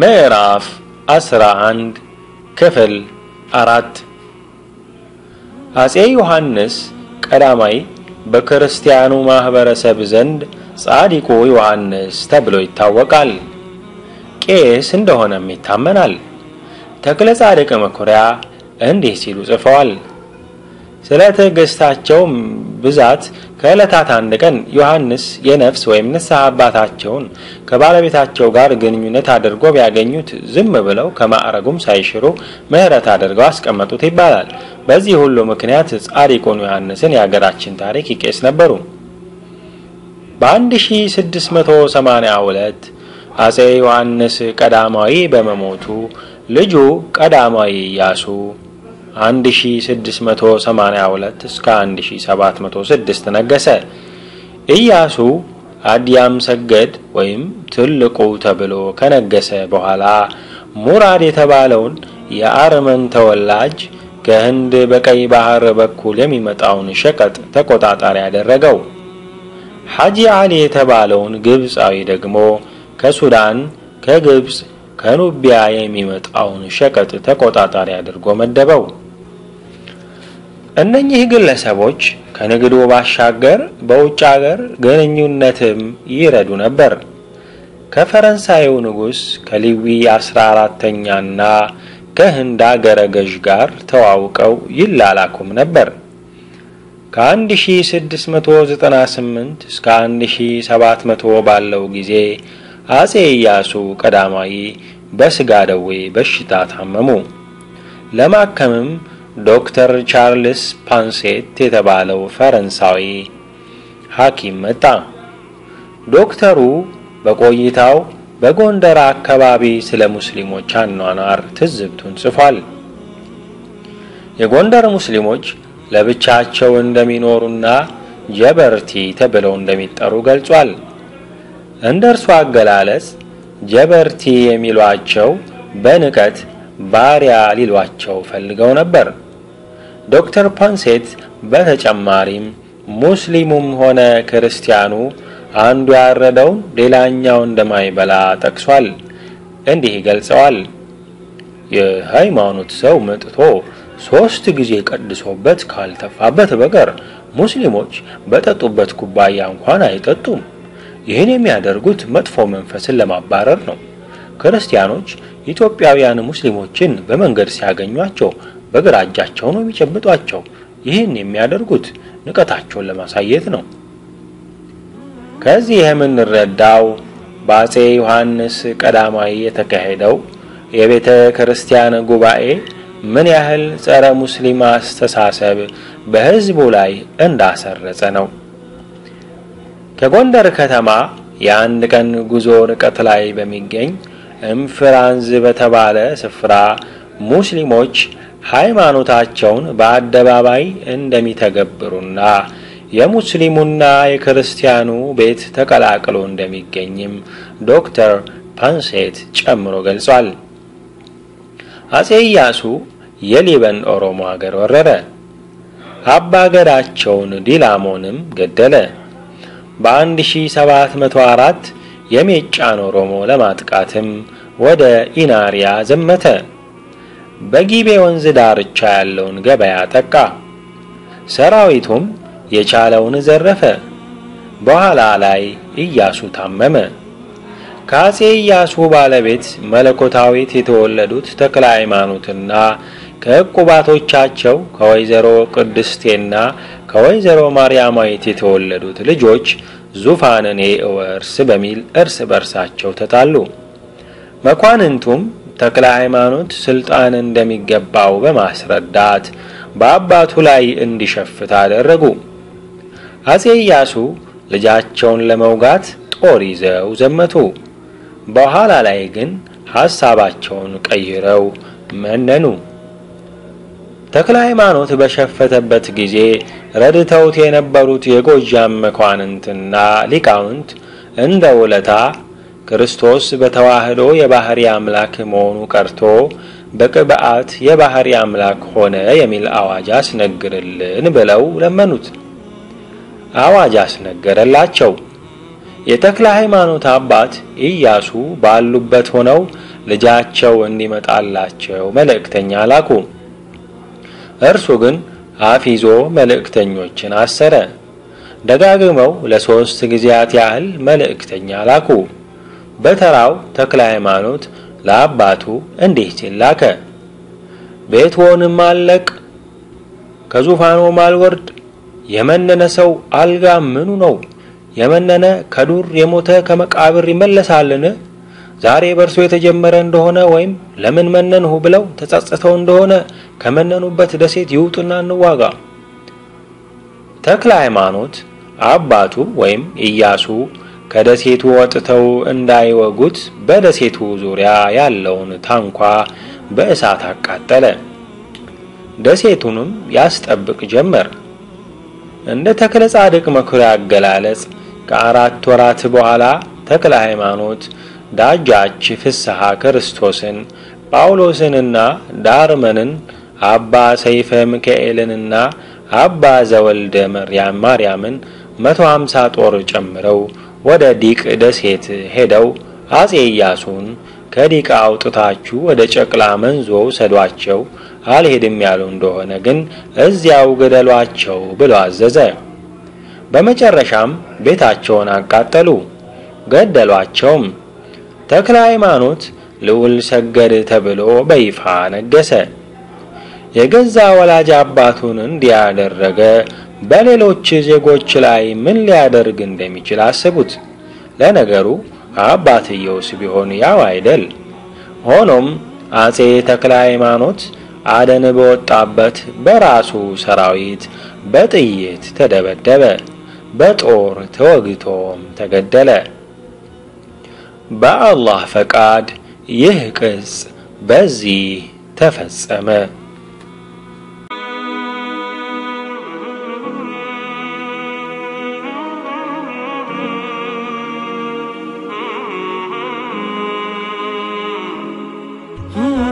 ምዕራፍ 11 ክፍል አራት አጼ ዮሐንስ ቀዳማይ በክርስቲያኑ ማህበረሰብ ዘንድ ጻድቁ ዮሐንስ ተብሎ ይታወቃል። ቄስ እንደሆነም ይታመናል። ተክለ ጻድቅ መኩሪያ እንዲህ ሲሉ ጽፈዋል። ስለ ትዕግስታቸው ብዛት ከዕለታት አንድ ቀን ዮሐንስ የነፍስ ወይም ንስሐ አባታቸውን ከባለቤታቸው ጋር ግንኙነት አድርጎ ቢያገኙት ዝም ብለው ከማዕረጉም ሳይሽሩ ምሕረት አድርገው አስቀመጡት ይባላል። በዚህ ሁሉ ምክንያት ጻድቁን ዮሐንስን የአገራችን ታሪክ ይቄስ ነበሩ። በ1682 አጼ ዮሐንስ ቀዳማዊ በመሞቱ ልጁ ቀዳማዊ ኢያሱ 1682 እስከ 1706 ነገሰ። ኢያሱ አዲያም ሰገድ ወይም ትልቁ ተብሎ ከነገሰ በኋላ ሙራድ የተባለውን የአርመን ተወላጅ ከህንድ በቀይ ባህር በኩል የሚመጣውን ሸቀጥ ተቆጣጣሪ ያደረገው። ሐጂ አሊ የተባለውን ግብፃዊ ደግሞ ከሱዳን፣ ከግብፅ፣ ከኑቢያ የሚመጣውን ሸቀጥ ተቆጣጣሪ አድርጎ መደበው። እነኚህ ግለሰቦች ከንግዱ ባሻገር በውጭ አገር ግንኙነትም ይረዱ ነበር። ከፈረንሳዩ ንጉሥ ከሊዊ አስራ አራተኛና ከህንድ አገረ ገዥ ጋር ተዋውቀው ይላላኩም ነበር። ከ1698 እስከ 1700 ባለው ጊዜ አጼ ኢያሱ ቀዳማዊ በስጋ ደዌ በሽታ ታመሙ። ለማከምም ዶክተር ቻርልስ ፓንሴት የተባለው ፈረንሳዊ ሐኪም መጣ። ዶክተሩ በቆይታው በጎንደር አካባቢ ስለ ሙስሊሞች አኗኗር ትዝብቱን ጽፏል። የጎንደር ሙስሊሞች ለብቻቸው እንደሚኖሩና ጀበርቲ ተብለው እንደሚጠሩ ገልጿል። እንደ እርሱ አገላለጽ ጀበርቲ የሚሏቸው በንቀት ባሪያ ሊሏቸው ፈልገው ነበር። ዶክተር ፓንሴት በተጨማሪም ሙስሊሙም ሆነ ክርስቲያኑ አንዱ ያረደውን ሌላኛው እንደማይበላ ጠቅሷል። እንዲህ ይገልጸዋል። የሃይማኖት ሰው መጥቶ ሶስት ጊዜ ቀድሶበት ካልተፋበት በቀር ሙስሊሞች በጠጡበት ኩባያ እንኳን አይጠጡም። ይህን የሚያደርጉት መጥፎ መንፈስን ለማባረር ነው። ክርስቲያኖች ኢትዮጵያውያን ሙስሊሞችን በመንገድ ሲያገኟቸው በግራ እጃቸው ነው የሚጨብጧቸው። ይህን የሚያደርጉት ንቀታቸውን ለማሳየት ነው። ከዚህ የምንረዳው በአጼ ዮሐንስ ቀዳማዊ የተካሄደው የቤተ ክርስቲያን ጉባኤ ምን ያህል ጸረ ሙስሊም አስተሳሰብ በሕዝቡ ላይ እንዳሰረጸ ነው። ከጎንደር ከተማ የአንድ ቀን ጉዞ ርቀት ላይ በሚገኝ እንፍራንዝ በተባለ ስፍራ ሙስሊሞች ሃይማኖታቸውን በአደባባይ እንደሚተገብሩና የሙስሊሙና የክርስቲያኑ ቤት ተቀላቅሎ እንደሚገኝም ዶክተር ፓንሴት ጨምሮ ገልጿል። አጼ ኢያሱ የሊበን ኦሮሞ አገር ወረረ። ሀገራቸውን ዲላሞንም ገደለ። በ1704 የሜጫን ኦሮሞ ለማጥቃትም ወደ ኢናሪያ ዘመተ። በጊቤ ወንዝ ዳርቻ ያለውን ገበያ ጠቃ። ሰራዊቱም የቻለውን ዘረፈ። በኋላ ላይ ኢያሱ ታመመ። ከአጼ ኢያሱ ባለቤት መለኮታዊት የተወለዱት ተክለ ሃይማኖትና ከእቁባቶቻቸው ከወይዘሮ ቅድስቴና ከወይዘሮ ማርያማዊት የተወለዱት ልጆች ዙፋንን እወርስ በሚል እርስ በርሳቸው ተጣሉ። መኳንንቱም ተክለ ሃይማኖት ስልጣን እንደሚገባው በማስረዳት በአባቱ ላይ እንዲሸፍት አደረጉ። አጼ ኢያሱ ልጃቸውን ለመውጋት ጦር ይዘው ዘመቱ። በኋላ ላይ ግን ሐሳባቸውን ቀይረው መነኑ። ተክለ ሃይማኖት በሸፈተበት ጊዜ ረድተውት የነበሩት የጎጃም መኳንንትና ሊቃውንት እንደ ውለታ ክርስቶስ በተዋህዶ የባህሪ አምላክ መሆኑ ቀርቶ በቅብአት የባህሪ አምላክ ሆነ የሚል አዋጅ አስነግርልን ብለው ለመኑት። አዋጅ አስነገረላቸው። የተክለ ሃይማኖት አባት ኢያሱ ባሉበት ሆነው ልጃቸው እንዲመጣላቸው መልእክተኛ ላኩ። እርሱ ግን አፍ ይዞ መልእክተኞችን አሰረ። ደጋግመው ለሶስት ጊዜያት ያህል መልእክተኛ ላኩ። በተራው ተክለ ሃይማኖት ለአባቱ እንዲህ ሲል ላከ። ቤትዎንም አልለቅ፣ ከዙፋኖም አልወርድ። የመነነ ሰው አልጋ ምኑ ነው? የመነነ ከዱር የሞተ ከመቃብር ይመለሳልን? ዛሬ በእርሶ የተጀመረ እንደሆነ ወይም ለምን መነንሁ ብለው ተጸጽተው እንደሆነ ከመነኑበት ደሴት ይውጡና እንዋጋ። ተክለ ሃይማኖት አባቱ ወይም ኢያሱ ከደሴቱ ወጥተው እንዳይወጉት በደሴቱ ዙሪያ ያለውን ታንኳ በእሳት አቃጠለ። ደሴቱንም ያስጠብቅ ጀመር። እንደ ተክለ ጻድቅ መኩሪያ አገላለጽ ከአራት ወራት በኋላ ተክለ ሃይማኖት ዳጃች ፍስሐ ክርስቶስን ጳውሎስንና ዳርመንን አባ ሰይፈ ሚካኤልንና አባ ዘወልደ ማርያምን መቶ ጦር ጨምረው ወደ ዲቅ ደሴት ሄደው አጼ ኢያሱን ከዲቃ አውጥታችሁ ወደ ጨቅላ መንዞ ሰዷቸው፣ አልሄድም ያሉ እንደሆነ ግን እዚያው ገደሏቸው ብሎ አዘዘ። በመጨረሻም ቤታቸውን አቃጠሉ፣ ገደሏቸውም። ተክለ ሃይማኖት ልዑል ሰገድ ተብሎ በይፋ ነገሰ። የገዛ ወላጅ አባቱን እንዲያደረገ በሌሎች ዜጎች ላይ ምን ሊያደርግ እንደሚችል አስቡት። ለነገሩ አባትየውስ ቢሆን ያው አይደል? ሆኖም አጼ ተክለ ሃይማኖት አደን በወጣበት በራሱ ሰራዊት በጥይት ተደበደበ፣ በጦር ተወግቶም ተገደለ። በአላህ ፈቃድ ይህ ቅጽ በዚህ ተፈጸመ።